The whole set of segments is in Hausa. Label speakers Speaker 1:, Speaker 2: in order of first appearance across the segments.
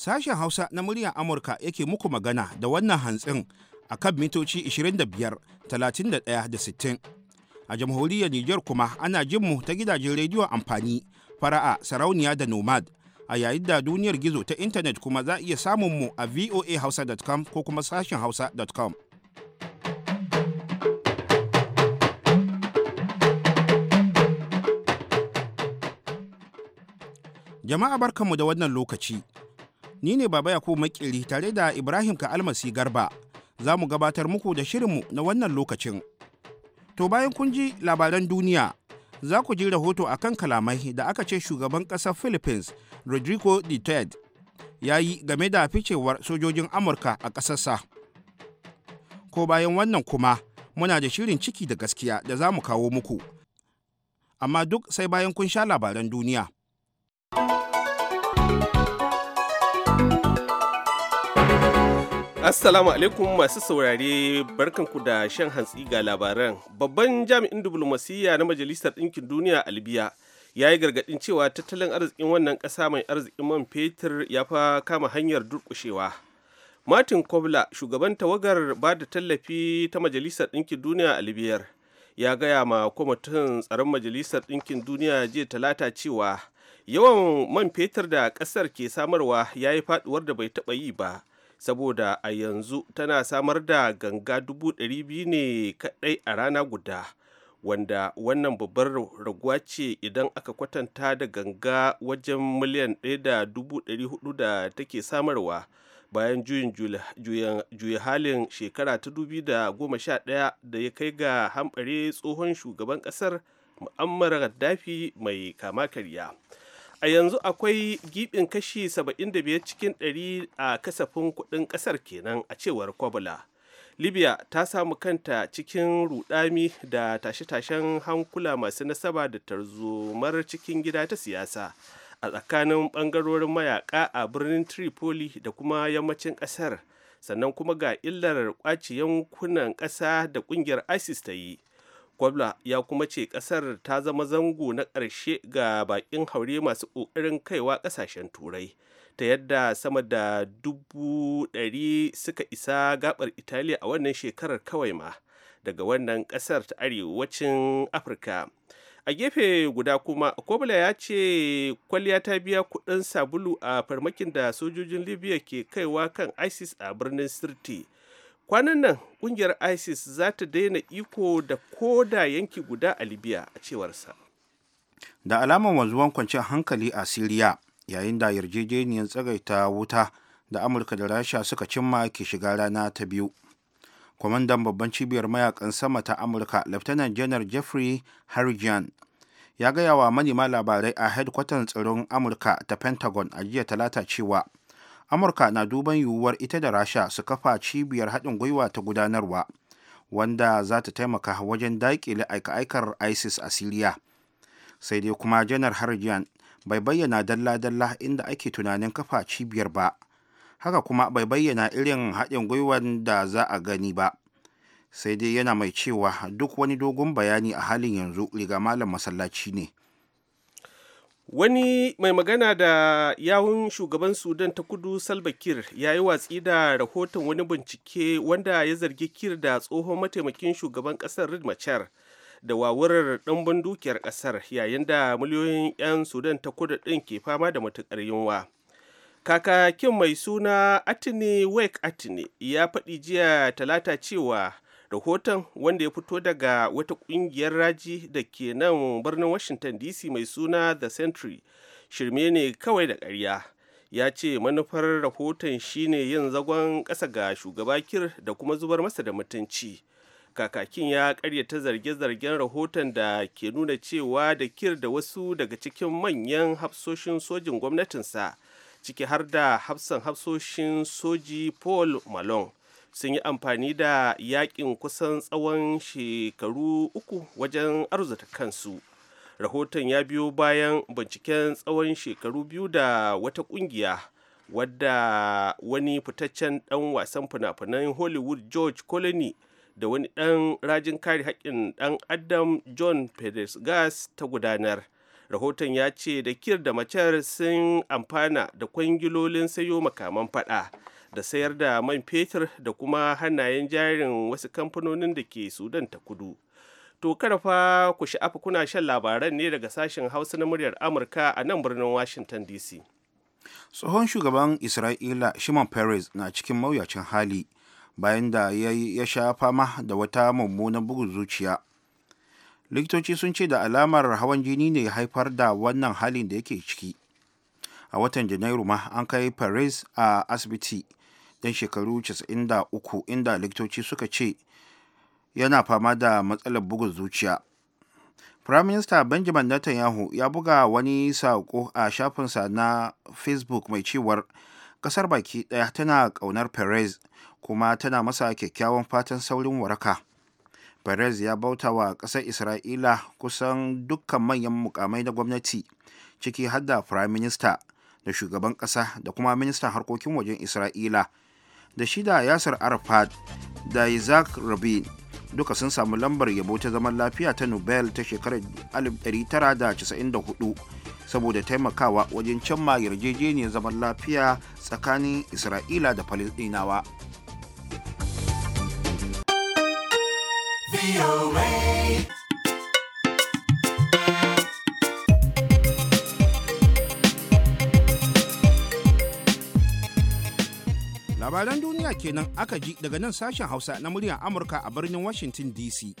Speaker 1: Sashen Hausa na muryar Amurka yake muku magana da wannan hantsin a kan mitoci 25, 31 da 60. A jamhuriyar Nijar kuma ana jin mu ta gidajen rediyon amfani, fara'a, sarauniya da nomad. A yayin da duniyar gizo ta intanet kuma za a iya samun mu a voahausa.com ko kuma sashen hausa.com. Jama'a barkanmu da wannan lokaci. ni ne baba yakubu makili tare da ibrahim ka almasi garba za mu gabatar muku da shirinmu na wannan lokacin to bayan kun ji labaran duniya za ku ji rahoto a kan kalamai da aka ce shugaban ƙasar philippines rodrigo duterte ya yi game da ficewar sojojin amurka a ƙasarsa ko bayan wannan kuma muna da shirin ciki da gaskiya da za mu kawo muku amma duk sai bayan kun sha labaran duniya
Speaker 2: Assalamu alaikum masu saurare barkanku da shan hantsi ga labaran. Babban jami'in diplomasiyya na Majalisar Ɗinkin Duniya a Libya ya yi gargaɗin cewa tattalin arzikin wannan ƙasa mai arzikin man fetur ya fa kama hanyar durƙushewa. Martin Kobla, shugaban tawagar ba da tallafi ta Majalisar Ɗinkin Duniya a Libya, ya gaya ma kwamitin tsaron Majalisar Ɗinkin Duniya jiya talata cewa yawan man fetur da ƙasar ke samarwa ya yi faɗuwar da bai taɓa yi ba. saboda a yanzu tana samar da ganga dubu ne kaɗai a rana guda wanda wannan babbar raguwa ce idan aka kwatanta da ganga wajen miliyan ɗaya da dubu da take samarwa bayan juyin juya halin shekara ta dubi da goma sha ɗaya da ya kai ga hamɓare tsohon shugaban ƙasar mu'ammar gaddafi mai kama karya a yanzu akwai gibin kashi 75 cikin 100 a kasafin kudin kasar kenan a cewar kwabula libya ta samu kanta cikin rudami da tashe-tashen hankula masu nasaba da tarzomar cikin gida ta siyasa a tsakanin bangarorin mayaka a birnin tripoli da kuma yammacin kasar sannan kuma ga illar kwaci yankunan ƙasa da ƙungiyar isis ta yi kwabla ya kuma ce ƙasar ta zama zango na ƙarshe ga baƙin haure masu ƙoƙarin kaiwa ƙasashen turai ta yadda sama da dubu ɗari suka isa gabar Italiya a wannan shekarar kawai ma daga wannan ƙasar ta arewacin Afirka. a gefe guda kuma kwabla ya ce kwalliya ta biya kudin sabulu a farmakin da sojojin libya ke kaiwa kan isis a birnin sirti kwanan nan kungiyar isis za ta daina iko da koda yanki guda a libya a cewarsa
Speaker 1: da alamar wanzuwan kwanciyar hankali a siriya yayin da yarjejeniyar tsagaita wuta da amurka da rasha suka cimma ke shiga rana ta biyu kwamandan babban cibiyar mayakan sama ta amurka lieutenant janar jeffrey harrigan ya gaya wa manema labarai a hedkwatan tsaron amurka ta pentagon a jiya talata cewa amurka na duban yiwuwar ita da rasha su kafa cibiyar haɗin gwiwa ta gudanarwa wanda za ta taimaka wajen daƙile aika-aikar isis a siriya sai dai kuma janar harjian bai bayyana dalla-dalla inda ake tunanin kafa cibiyar ba haka kuma bai bayyana irin haɗin gwiwan da za a gani ba sai dai yana mai cewa duk wani dogon bayani a halin yanzu riga malam masallaci ne
Speaker 2: wani mai magana da yawun shugaban sudan ta kudu salva kir ya yi watsi da rahoton wani bincike wanda ya zargi kir da tsohon mataimakin shugaban kasar rid da wawurar ɗanbin dukiyar kasar yayin da miliyoyin 'yan sudan ta kudu ɗin ke fama da matuƙar yunwa kakakin mai suna atini wake atini ya faɗi jiya talata cewa rahoton wanda ya fito daga wata kungiyar raji da ke nan birnin washington dc mai suna the century shirme ne kawai da ƙarya ya ce manufar rahoton shine yin zagon ƙasa ga shugaba kir da kuma zubar masa da mutunci kakakin ya karyata zarge-zargen rahoton da ke nuna cewa da kir da wasu daga cikin manyan hafsoshin sojin gwamnatinsa ciki har da hafsan hafsoshin soji paul malone sun yi amfani da yakin kusan tsawon shekaru uku wajen arzuta kansu rahoton ya biyo bayan binciken tsawon shekaru biyu da wata kungiya wadda wani fitaccen dan wasan fina-finan hollywood george colony da wani dan rajin kare haƙƙin dan adam john perez gas ta gudanar rahoton ya ce da kir da macer sun amfana da kwangilolin sayo makaman fada da sayar da man fetur da kuma hannayen jarin wasu kamfanonin da ke sudan ta kudu to karfa ku sha'afa kuna shan labaran ne daga sashen hausa na muryar amurka a nan birnin washington dc
Speaker 1: tsohon shugaban isra'ila shimon peres na cikin mawuyacin hali bayan da ya sha fama da wata mummunan bugun zuciya likitoci sun ce da alamar hawan jini ne ya haifar da wannan halin da yake ciki a watan janairu ma an kai paris a asibiti dan shekaru 93 inda likitoci suka ce yana fama da matsalar bugun zuciya prime minister benjamin netanyahu ya buga wani saƙo a shafinsa na facebook mai cewar ƙasar baki ɗaya tana ƙaunar perez kuma tana masa kyakkyawan fatan saurin waraka perez ya bauta wa ƙasar isra'ila kusan dukkan manyan mukamai na gwamnati ciki har da prime minister da shugaban ƙasa da kuma ministan harkokin wajen isra'ila da shida yasir arafat da isaac rabin duka sun samu lambar yabo ta zaman lafiya ta nobel ta shekarar 1994 saboda taimakawa wajen cimma yarjejeniyar zaman lafiya tsakanin isra'ila da falisdinawa labaran duniya kenan aka ji daga nan sashen hausa na muryar amurka a birnin washington dc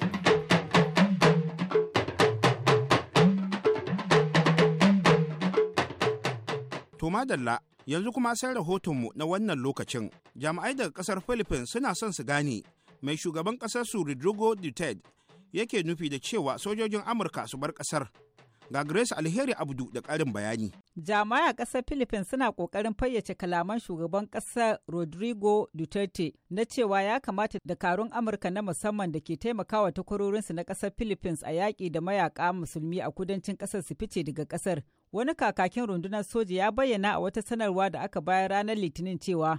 Speaker 1: to madalla yanzu kuma sai rahotonmu na wannan lokacin jami'ai daga kasar philippines suna son su gane mai shugaban kasar su rodrigo duterte yake nufi da cewa
Speaker 3: sojojin amurka su bar kasar Ga Grace Alheri Abdu da karin bayani. Jama'a kasar Philippines suna ƙoƙarin fayyace kalaman shugaban ƙasar Rodrigo Duterte na cewa ya kamata dakarun Amurka na musamman da ke taimakawa takwarorinsu na ƙasar Philippines a yaƙi da mayaƙa musulmi a kudancin ƙasar su fice daga ƙasar. Wani kakakin rundunar soja ya bayyana a wata sanarwa da aka bayar ranar Litinin cewa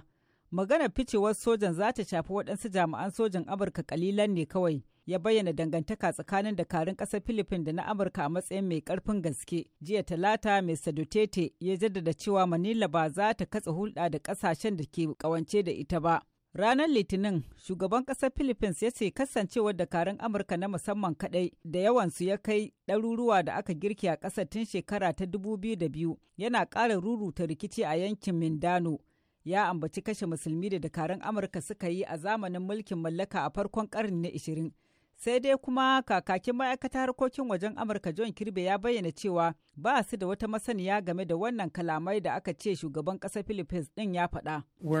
Speaker 3: maganar ficewar sojan za ta shafi waɗansu jami'an sojan Amurka ƙalilan ne kawai. ya bayyana dangantaka tsakanin dakarun ƙasar Philippines da na Amurka a matsayin mai karfin gaske. Jiya Talata, Mr. Duterte ya jaddada cewa Manila ba za ta katse hulɗa da ƙasashen da ke ƙawance da ita ba. Ranar Litinin, shugaban ƙasar Philippines ya ce kasancewar dakarun Amurka na musamman kaɗai da yawansu ya kai ɗaruruwa da aka girki a ƙasar tun shekara ta 2002 yana ƙara ruruta rikici a yankin Mindano. Ya ambaci kashe musulmi da dakarun Amurka suka yi a zamanin mulkin mallaka a farkon ƙarni na 20 sai dai kuma kakakin ma'aikata harkokin wajen amurka john kirbe ya bayyana cewa ba su da wata masaniya game da wannan kalamai da aka ce shugaban ƙasar philippines din ya faɗa uh,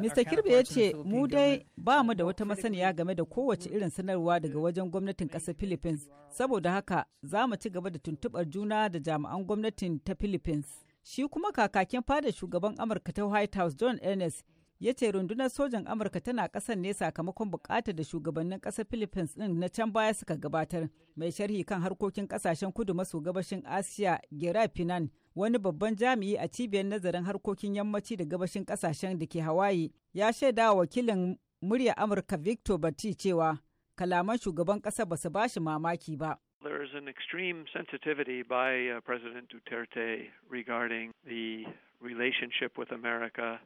Speaker 3: Mr. Uh, uh, kirbe ya ce mu dai ba mu da wata masaniya game da kowace mm-hmm. irin sanarwa daga wajen gwamnatin ƙasar Philippines saboda haka za mu ci gaba da tuntuɓar juna da jami'an gwamnatin ta Philippines. Shi kuma kakakin fada shugaban Amurka ta White House John Ernest ya ce rundunar sojan Amurka tana kasan ne sakamakon bukatar da shugabannin ƙasar Philippines din na can baya suka gabatar. Mai sharhi kan harkokin kasashen kudu maso gabashin Asiya Gera Finan wani babban jami'i a cibiyar nazarin harkokin yammaci da gabashin ƙasashen da ke Hawaii ya shaida wakilin murya Amurka Victor Bati cewa kalaman shugaban ƙasa ba su bashi mamaki ba.
Speaker 4: There is an extreme sensitivity by uh, President Duterte regarding the relationship with America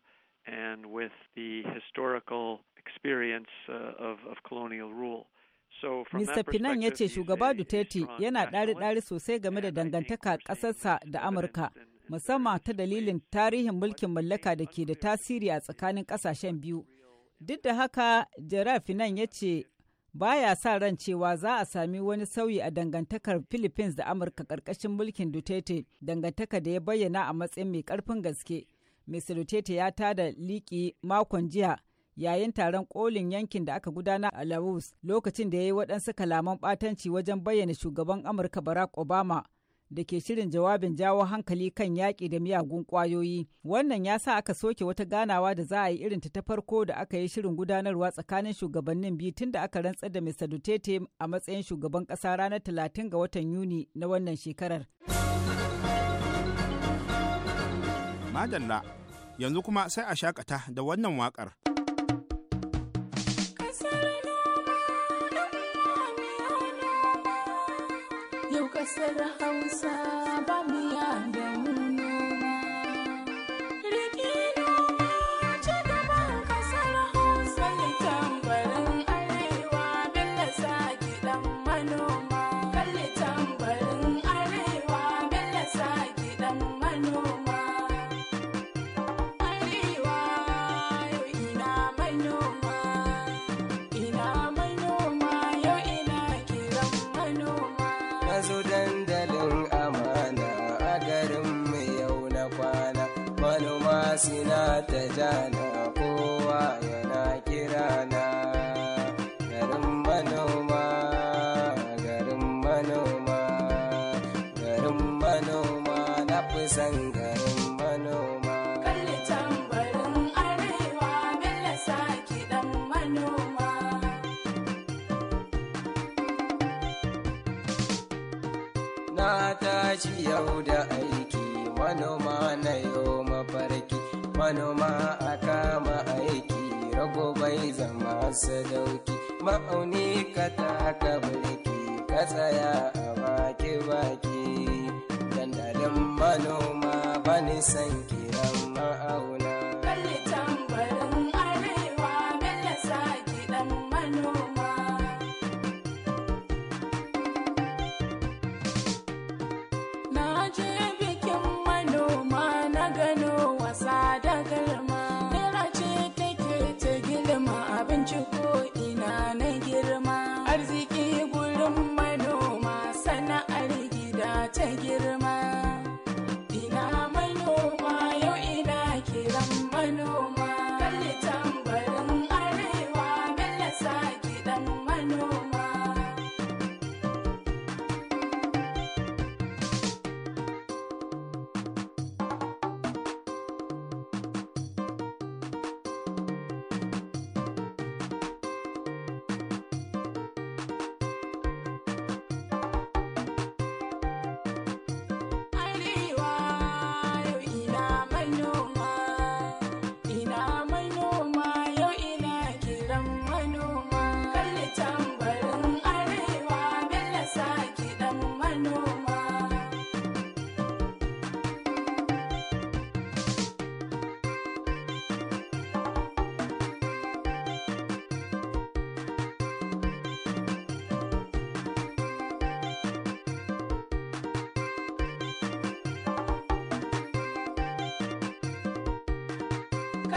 Speaker 4: and with the historical experience uh, of, of colonial rule. Mr. Finan ya ce shugaba
Speaker 3: Duterte yana ɗari-ɗari sosai game da dangantaka ƙasarsa da Amurka, musamman ta dalilin tarihin mulkin mallaka da ke da tasiri a tsakanin ƙasashen biyu. Duk da haka, Jara Finan ya ce baya sa ran cewa za a sami wani sauyi a dangantakar Philippines da Amurka ƙarƙashin mulkin Duterte, dangantaka da ya bayyana a matsayin mai ƙarfin gaske. Mr. Duterte ya tada liƙi makon jiya yayin taron kolin yankin da aka gudana a Laos lokacin da ya yi waɗansu kalaman ɓatanci wajen bayyana shugaban Amurka Barack Obama da ke shirin jawabin jawo hankali kan yaƙi da miyagun ƙwayoyi. Wannan ya sa aka soke wata ganawa da za a yi irin ta farko da aka yi shirin gudanarwa tsakanin shugabannin biyu tun da aka rantsar da Mr. Duterte a matsayin shugaban ƙasa ranar talatin ga watan Yuni na wannan shekarar.
Speaker 1: Madalla, yanzu kuma sai a shakata da wannan waƙar.
Speaker 5: kasar hausa ba mu
Speaker 6: sina ta jana kowa yana kirana garin manoma garin manoma garin manoma na fi san garin manoma kalli
Speaker 5: tambarin arewa mele saki manoma
Speaker 6: na tashi yau da manoma a kama aiki rago bai zama sadauki ma'auni ka taka mulki ka tsaya a baki baki dandalin manoma ba ni sanki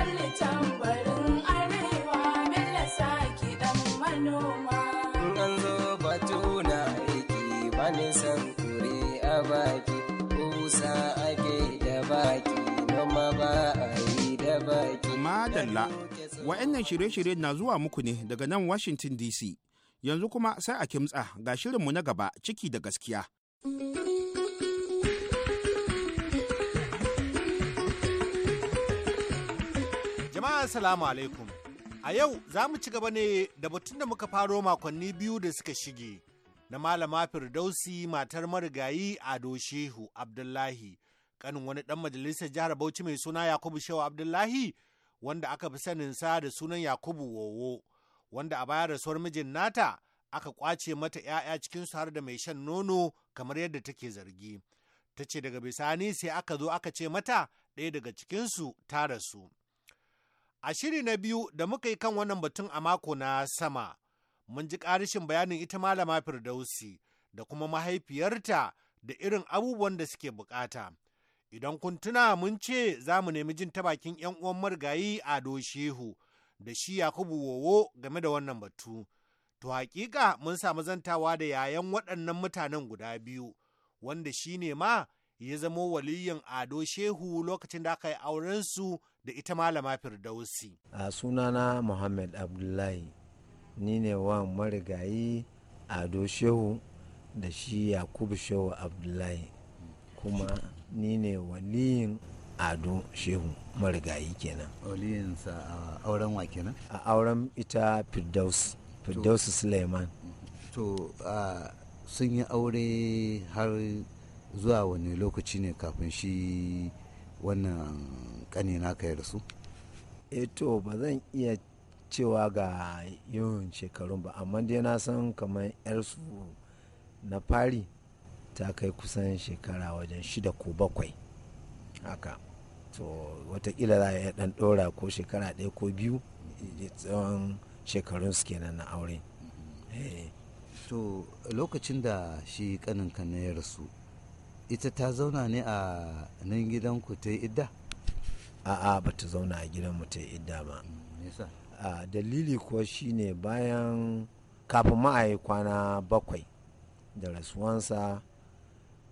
Speaker 6: nisan kure a baki kusa ake da baki noma ba a
Speaker 1: madalla wa'annan shirye-shirye na zuwa muku ne daga nan washington dc yanzu kuma sai a kimtsa ga shirinmu na gaba ciki da gaskiya. Mm -hmm.
Speaker 7: Assalamu alaikum. A yau za mu ci gaba ne da batun da muka faro makonni biyu da suka shige na malama Firdausi matar marigayi Ado Shehu Abdullahi, kanin wani ɗan majalisar jihar Bauchi mai suna Yakubu Shehu Abdullahi wanda aka fi sanin sa da sunan Yakubu Wowo, wanda a baya rasuwar mijin nata aka kwace mata 'ya'ya cikin su har da mai shan nono kamar yadda take zargi. Ta ce daga bisani sai aka zo aka ce mata ɗaya daga cikinsu ta rasu. A shiri na biyu da muka yi kan wannan batun a mako na sama, mun ji ƙarishin bayanin ita malama Firdausi da kuma mahaifiyarta da irin abubuwan da suke bukata. Idan kun tuna mun ce za mu nemi jin ta bakin 'yan uwan marigayi Ado Shehu da shi Yakubu Wowo game da wannan batu. To hakika mun samu zantawa da yayan waɗannan mutanen guda biyu, wanda shi ne ma ya zamo waliyin ado shehu lokacin da aka yi aurensu da ita malama firdausi
Speaker 8: a sunana muhammad abdullahi ni ne wa marigayi ado shehu da shi yakubu shehu abdullahi kuma ni ne waliyin ado shehu marigayi kenan waliyinsa a auren wa kenan a auren ita firdausi firdausi suleiman
Speaker 9: to sun yi aure har zuwa wani lokaci ne kafin shi wannan kani
Speaker 8: naka ya rasu eh to ba zan iya cewa ga yawan shekarun ba amma dai na san kamar yarsu na fari ta kai kusan shekara wajen shida ko bakwai haka to watakila za a iya dan dora ko shekara ɗaya ko biyu tsawon shekarun su kenan na aure mm-hmm. eh,
Speaker 9: to lokacin da shi kaninka na ya rasu
Speaker 8: ita ta zauna ne a nan gidan ku ta idda a'a ba ta zauna a gidan mu ta idda ba
Speaker 9: mm,
Speaker 8: a dalili kuwa shine bayan kafin ma'ayi kwana bakwai da rasuwansa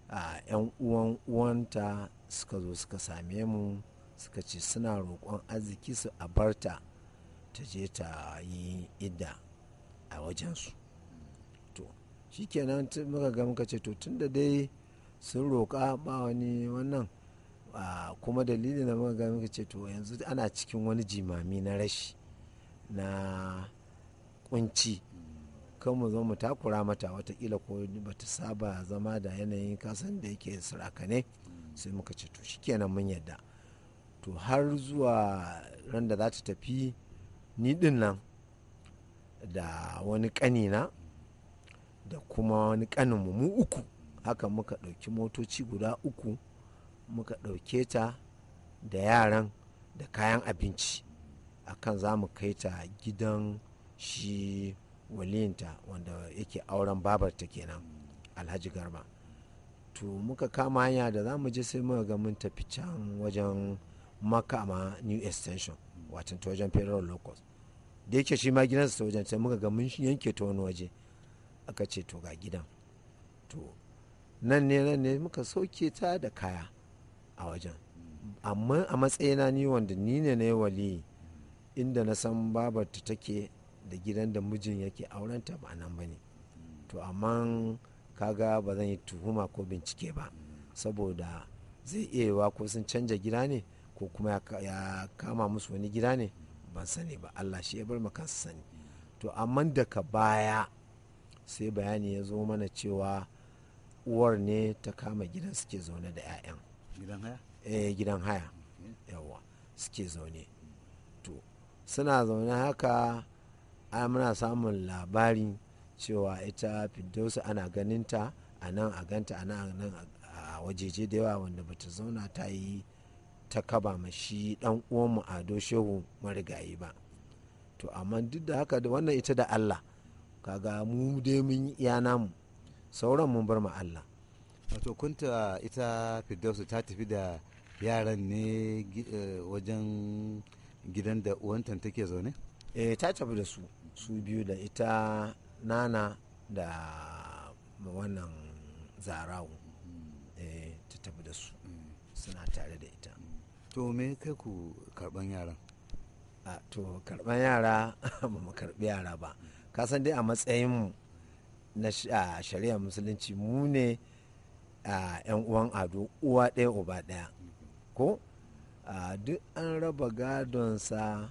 Speaker 8: a 'yan uwan uwanta suka zo suka same mu suka ce suna roƙon arziki su a barta ta je ta yi idda a wajensu mm. to shikenan muka ga muka ce to tun da dai sun roƙa ba wani wannan kuma dalilin da muka gami muka ce to yanzu ana cikin wani jimami na rashi na kunci kan mu zo mu takura mata watakila ko bata saba zama da yanayin kasan da yake sirakane sai muka ce to shikenan mun yadda to har zuwa ran da za ta tafi ni din nan da wani kanina da kuma wani kaninmu mu uku haka muka ɗauki motoci guda uku muka ɗauke ta da yaran da kayan abinci akan za mu kai ta gidan shi waliyinta wanda yake auren babarta kenan alhaji garba to muka kama hanya da za mu je sai muka ga mun tafi can wajen makama new extension watan ta wajen federal locals da yake shi ma gidansa ta wajen sai muka ga mun yanke ta wani waje aka ce to ga gidan to nan ne nan ne muka sauke ta da kaya a wajen amma a matsayina ni wanda ni ne na wali inda na san babarta take da gidan da mijin yake aurenta ba nan ba ne to amma kaga ba zan yi tuhuma ko bincike ba saboda zai iya yiwa ko sun canja gida ne ko kuma ya kama musu wani gida ne ban sani ba allah shi ya bar makansu sani to amma daga baya sai bayani ya zo mana cewa uwar ne ta kama gidan suke zaune da 'ya'yan gidan haya eh, mm-hmm. yawa suke zaune to suna zaune haka a muna samun labari cewa ita fiddausu ana ganinta a nan a ganta a nan a wajeje da yawa wanda bata zauna ta yi ta kaba ma shi dan uwanmu ado shehu marigayi ba to amma duk da haka da wannan ita da allah kaga mu dai mun iya namu sauran mun bar ma Allah
Speaker 9: wato kunta ita firdausu ta tafi da yaran ne eh,
Speaker 8: wajen gidan da uwantan take zaune e, ta tafi da su su biyu da ita nana da wannan zarawo e, eh, ta tafi da su suna tare da ita to me kai ku karban yaran to karban yara ba mu karbi yara ba kasan dai a matsayin mu na shari'ar musulunci mu ne yan uwan ado uwa ɗaya uba ɗaya ko duk an raba gadonsa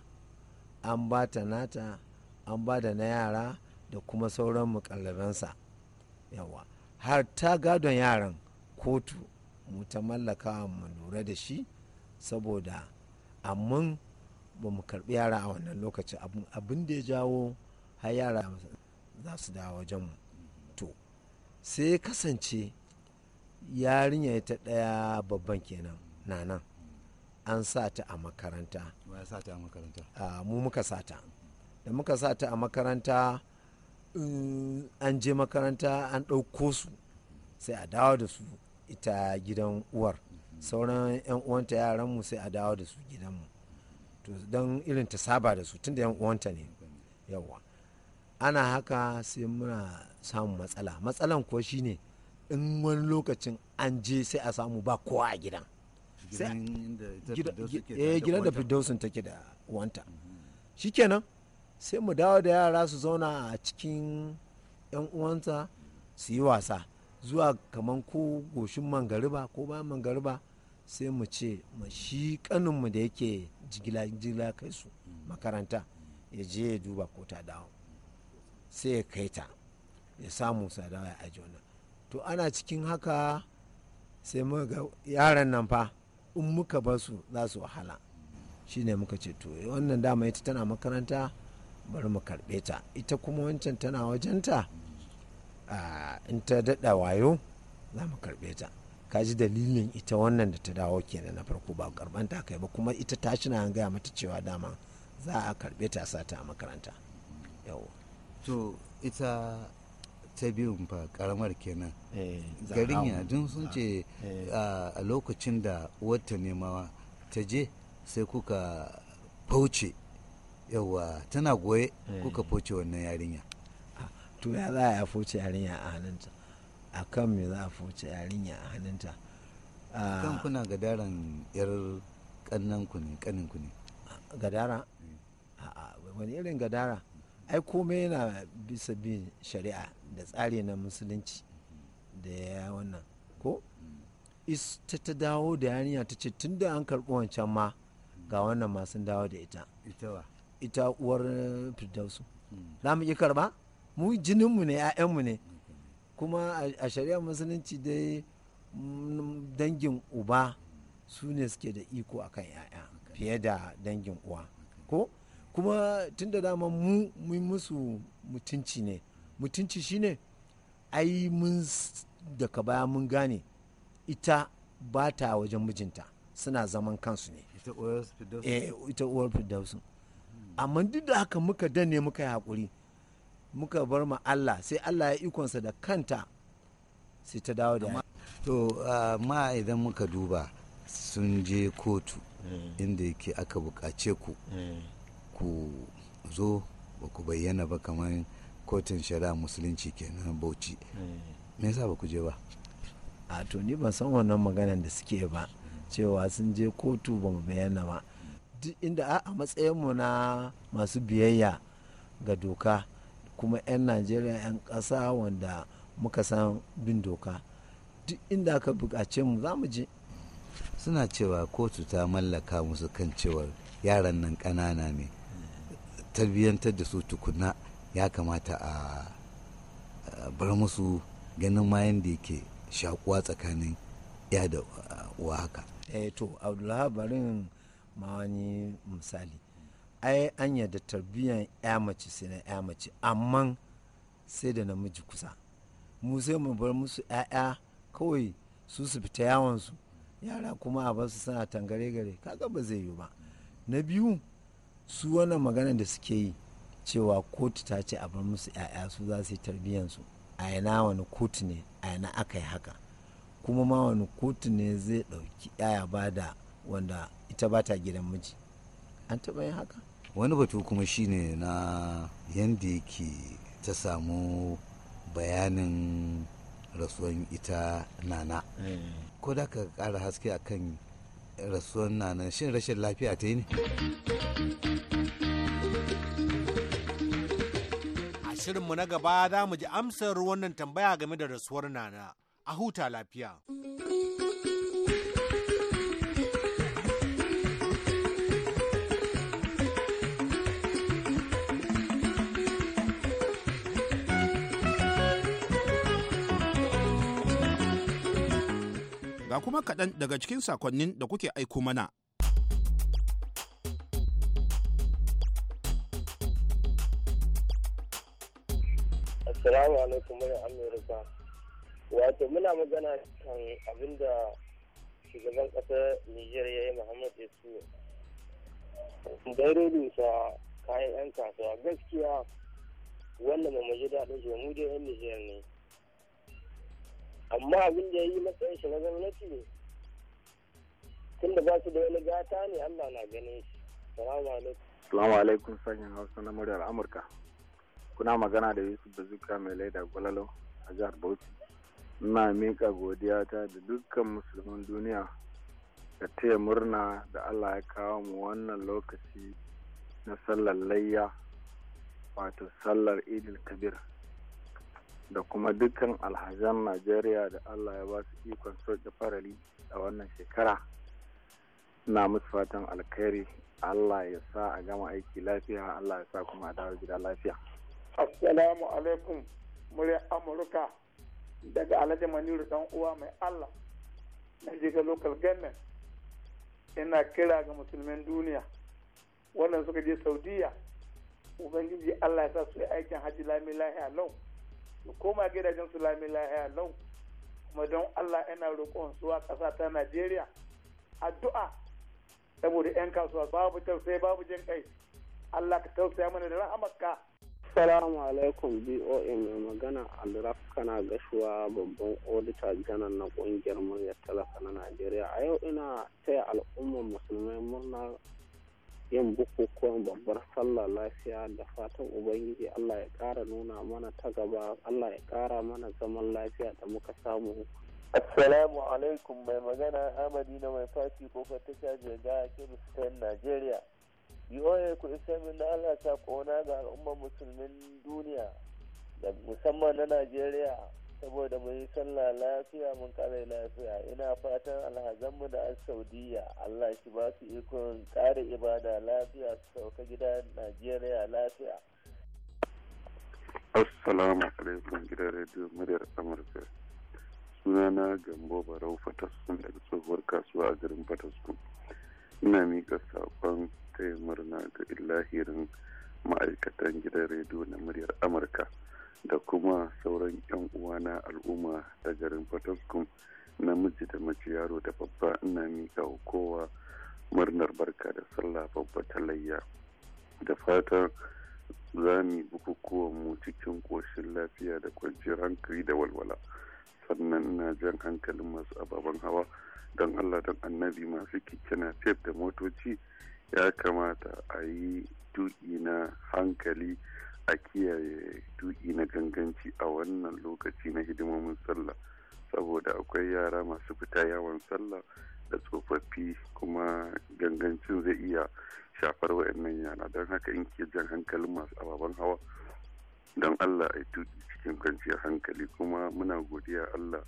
Speaker 8: an ba ta nata an ba da na yara da kuma sauran mukallabansa yawa har ta gadon yaran kotu mu ta mallaka mu lura da shi saboda amma ba mu karbi yara a wannan lokaci abin da ya jawo har yara za su dawo wajenmu sai ya kasance yarinya ta ɗaya babban kenan na nan an sa ta a makaranta mu muka sa ta da muka sa ta a makaranta an je makaranta an ɗauko su sai a dawo da su ita gidan uwar sauran 'yan uwanta yaranmu sai a dawo da su gidanmu don irin ta saba da su tun da 'yan uwanta ne yawa ana haka sai muna samun matsala matsalan kuwa shine in wani lokacin an je sai a samu ba kowa a gidan eh, gidan da fidausun take da wanta mm-hmm. shikenan sai mu dawo da yara su zauna a cikin 'yan uwanta su yi wasa zuwa kamar ko goshin mangariba ko bayan mangariba sai mu ce ma shi kaninmu da yake jigila kai su mm. makaranta ya je ya duba ko ta dawo sai ya kai ta ya samu sadawa ya aji to ana cikin haka sai muka yaran nan fa in muka bar su za su wahala shi ne muka ce to eh, wannan dama ita tana makaranta bari mu karbe ta ita kuma wancan tana wajenta in ta daɗa wayo za mu karɓe ta ka ji dalilin ita wannan da ta dawo kenan na farko ba karban ta kai ba kuma ita ta shi na gaya mata cewa dama za a karɓe ta sata a makaranta yawo to ita ta biyun fa karamar kenan eh, garin yadin
Speaker 9: sun ce eh. a lokacin da wata nemawa ta je sai kuka fauce yawa tana goye eh. kuka fauce wannan yarinya
Speaker 8: ah, to ya za a fauce yarinya a hannunta a kan me za a fauce yarinya a hannunta ah. kan kuna gadaran yar kannan ku ne kanin ne gadara wani irin gadara ai komai yana bisa bin shari'a da tsari na musulunci da ya wannan ko ta dawo da yariya ta ce tun da an karɓi wancan ma ga wannan masu dawo da ita ita uwar firdausu hmm. za mu iya karɓa mu jininmu ne 'ya'yanmu ne kuma a shari'ar musulunci dai mm, dangin uba su ne suke da iko akan 'ya'ya fiye da dangin uwa ko kuma tun da dama mu mun musu mutunci ne mutunci shine ai mun daga baya mun gane ita ba ta wajen mijinta suna zaman kansu ne ita uwar fidausun eh, amma duk da haka muka danne muka yi haƙuri muka bar ma Allah sai Allah ya ikonsa da kanta sai ta dawo da
Speaker 9: to ma idan muka duba sun je kotu eh. inda yake aka buƙace ku eh. ku zo ba ku bayyana ba kamar
Speaker 8: kotun shari'a musulunci kenan bauchi eh. me yasa ba ku je ba a to ni ban san wannan maganan da suke ba cewa sun je kotu ba mu bayyana ba duk inda a matsayin mu na masu biyayya ga doka kuma 'yan najeriya 'yan ƙasa wanda muka san bin doka duk inda aka buƙace mu za mu je
Speaker 9: suna cewa kotu ta mallaka musu kan cewar yaran nan ƙanana ne tarbiyyantar da su tukuna ya kamata a bar musu ganin mayan da yake shakuwa tsakanin
Speaker 8: ya da uwa haka eh to abdullahi barin ma wani misali ai an yadda tarbiyyar ya mace sai na ya mace amma sai da namiji kusa mu sai mu bar musu 'ya'ya kawai su su fita yawansu yara kuma a basu suna tangare gare kaga ba zai yiwu ba na biyu su wannan magana da suke yi cewa kotu ta ce a bar musu 'ya'ya su za su yi tarbiyyansu a yana wani kotu ne a yana aka yi haka kuma ma wani kotu ne zai ɗauki 'ya'ya ba da wanda ita ba ta gidan miji an taɓa yin haka
Speaker 9: wani batu kuma shine na yadda yake ta samu bayanin rasuwan ita nana eh. ko da ka ƙara haske akan rasuwar nanan shin rashin lafiya ta yi ne
Speaker 7: a shirinmu na gaba za mu ji amsar wannan tambaya game da rasuwar nana a huta lafiya.
Speaker 1: Ga kuma kaɗan daga cikin sakonnin da kuke aiko mana.
Speaker 6: Assalamu alaikum mai Amurka. Wato muna magana kan abin da shugaban ƙasar Nijar ya yi Muhammad Isu. Dairodin sa kayan 'yan kasuwa gaskiya wannan mamaji daɗin shi mu 'yan Nijar ne. amma abin da ya yi masa shi na gwamnati ne tunda ba su da wani gata ne allah na ganin shi
Speaker 4: salamu alaikum
Speaker 1: alaikum sanyin hausa na muryar amurka kuna magana da yusuf da zuka mai laida gwalalo a jihar bauchi ina miƙa godiyata da dukkan musulman duniya da taya murna da allah ya kawo mu wannan
Speaker 2: lokaci na sallar layya wato sallar idil kabir da kuma dukkan alhazan najeriya da allah ya ba su
Speaker 1: ikon soke farali a wannan shekara na musu fatan alkhairi allah ya sa a gama aiki lafiya allah ya sa kuma a dawo gida lafiya
Speaker 2: assalamu alaikum murya amurka daga alhaji maniru dan uwa mai allah na jiga local government ina kira ga musulmin duniya wannan suka je saudiya ubangiji allah ya sa su yi aikin hajji lami lahiya lau su koma gidajen su lami lahiya lau kuma don allah yana roƙon su ƙasa ta najeriya addu'a saboda 'yan kasuwa babu tausayi babu jin kai allah ka tausaya mana da rahamarka
Speaker 6: Assalamu alaikum
Speaker 1: BOM mai magana Alraf kana gashuwa babban odita janar na kungiyar muryar talaka na Najeriya. A yau ina taya al'ummar musulmai murna yin bukukuwan babbar sallah lafiya da fatan ubangiji allah ya kara nuna
Speaker 6: mana ta gaba allah ya kara mana zaman lafiya da muka samu assalamu alaikum mai magana amadi na mai fati kofar ta shaje ga kiristan najeriya biyoye ku isa min na allah ta kona ga al'ummar musulmin duniya da musamman na najeriya saboda mu yi sallah lafiya mun kare lafiya ina fatan alhazanmu da saudiya allah shi ba su ikon kare
Speaker 8: ibada lafiya su sauka gida najeriya lafiya
Speaker 4: assalamu alaikum gidan rediyo muryar amurka sunana gambo barau Fatasun daga tsohuwar kasuwa a garin fataskun ina miƙa saƙon taya murna ga ilahirin ma'aikatan gidan rediyo na muryar amurka da kuma sauran 'yan uwa na al'umma da garin fataskum namiji da mace yaro da babba ina mika wa kowa murnar barka da sallah babba talayya da fatan za mu bukukuwan mu cikin ƙoshin lafiya da kwanciyar hankali da walwala sannan ina jan hankalin masu ababen hawa don allah don annabi masu kikina fef da motoci ya kamata a yi tuƙi na hankali a kiyaye tuki na ganganci a wannan lokaci na hidimomin sallah saboda akwai yara masu fita yawon sallah da tsofaffi kuma gangancin zai iya shafar wa'annan yana don haka in ke jan hankalin masu ababen hawa don allah a tuki cikin kwanciyar hankali kuma muna godiya allah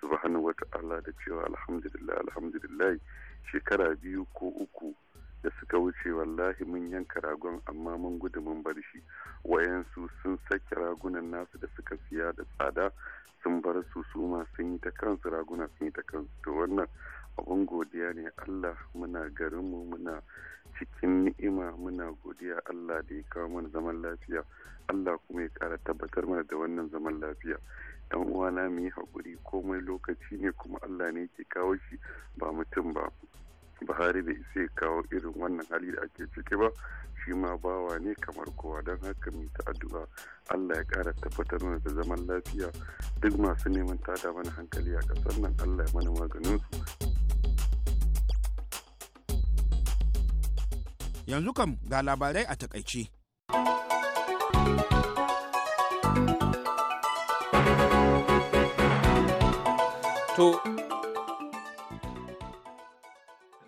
Speaker 4: subhanahu wa ta'ala da cewa alhamdulillah alhamdulillah shekara biyu ko uku da suka wuce wallahi mun yanka ragon amma mun gudu mun bar shi wayansu sun sake ragunan nasu da suka siya da tsada sun bar su su ma sun yi ta kansu raguna sun yi ta kansu to wannan abun godiya ne allah muna garinmu muna cikin ni'ima muna godiya allah da ya kawo mana zaman lafiya allah kuma ya kara tabbatar mana da wannan zaman lafiya dan uwana mu yi haƙuri komai lokaci ne kuma allah ne ke kawo shi ba mutum ba buhari bai ya kawo irin wannan hali da ake ciki ba shi ma bawa ne kamar kowa don haka mai ta addu'a allah ya kara tabbatar mana da zaman lafiya duk masu neman tada mana hankali a kasar nan allah ya mana maganin
Speaker 1: su yanzu kam ga labarai a takaice
Speaker 2: to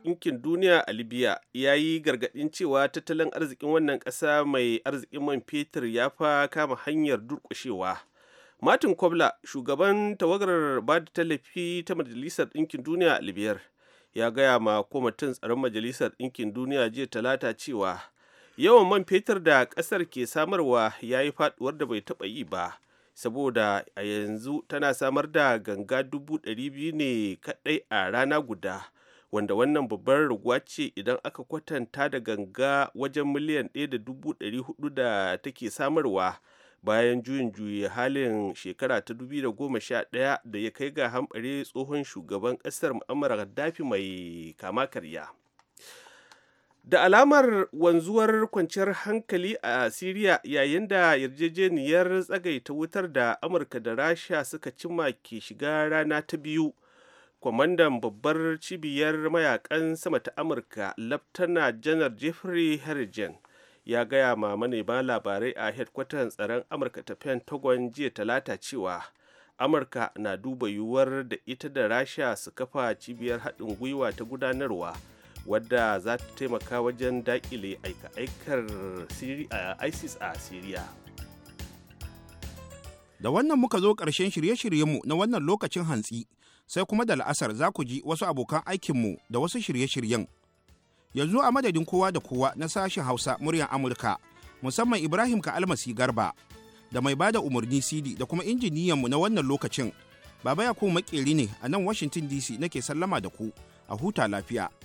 Speaker 2: ɗinkin duniya a libya ya yi gargaɗin cewa tattalin arzikin wannan ƙasa mai arzikin man fetur ya fa kama hanyar durƙushewa martin kobla shugaban tawagar ba da tallafi ta majalisar ɗinkin duniya a libya ya gaya ma kwamitin tsaron majalisar ɗinkin duniya jiya talata cewa yawan man fetur da ƙasar ke samarwa ya yi faɗuwar da bai taɓa yi ba saboda a yanzu tana samar da ganga dubu ɗari biyu ne kaɗai a rana guda wanda wannan babbar raguwa ce idan aka kwatanta da ganga wajen miliyan ɗaya da take samarwa bayan juyin juyi halin shekara ta 2011 da ya kai ga hamɓare tsohon shugaban ƙasar mu'amara gaddafi mai kama karya da alamar wanzuwar kwanciyar hankali a siriya yayin da yarjejeniyar tsagaita wutar da amurka da rasha suka cimma ke shiga rana ta biyu kwamandan babbar cibiyar mayakan sama ta amurka laftana janar jeffrey harrigan ya gaya ma manema labarai a hedkwatan tsaron amurka ta pentagon jiya talata cewa amurka na duba yiwuwar da ita da rasha su kafa cibiyar haɗin gwiwa ta gudanarwa wadda za ta taimaka wajen daƙile aika-aikar isis a siriya
Speaker 1: da wannan muka zo ƙarshen shirye-shiryenmu na wannan lokacin hantsi sai kuma da la'asar za ku ji wasu abokan aikinmu da wasu shirye-shiryen. Yanzu a madadin kowa da kowa na sashen Hausa muryar Amurka, musamman Ibrahim ka almasi Garba, da mai bada umarni CD da kuma injiniyanmu na wannan lokacin. Baba Yakubu Makeri ne a nan Washington DC nake sallama da ku, a huta lafiya.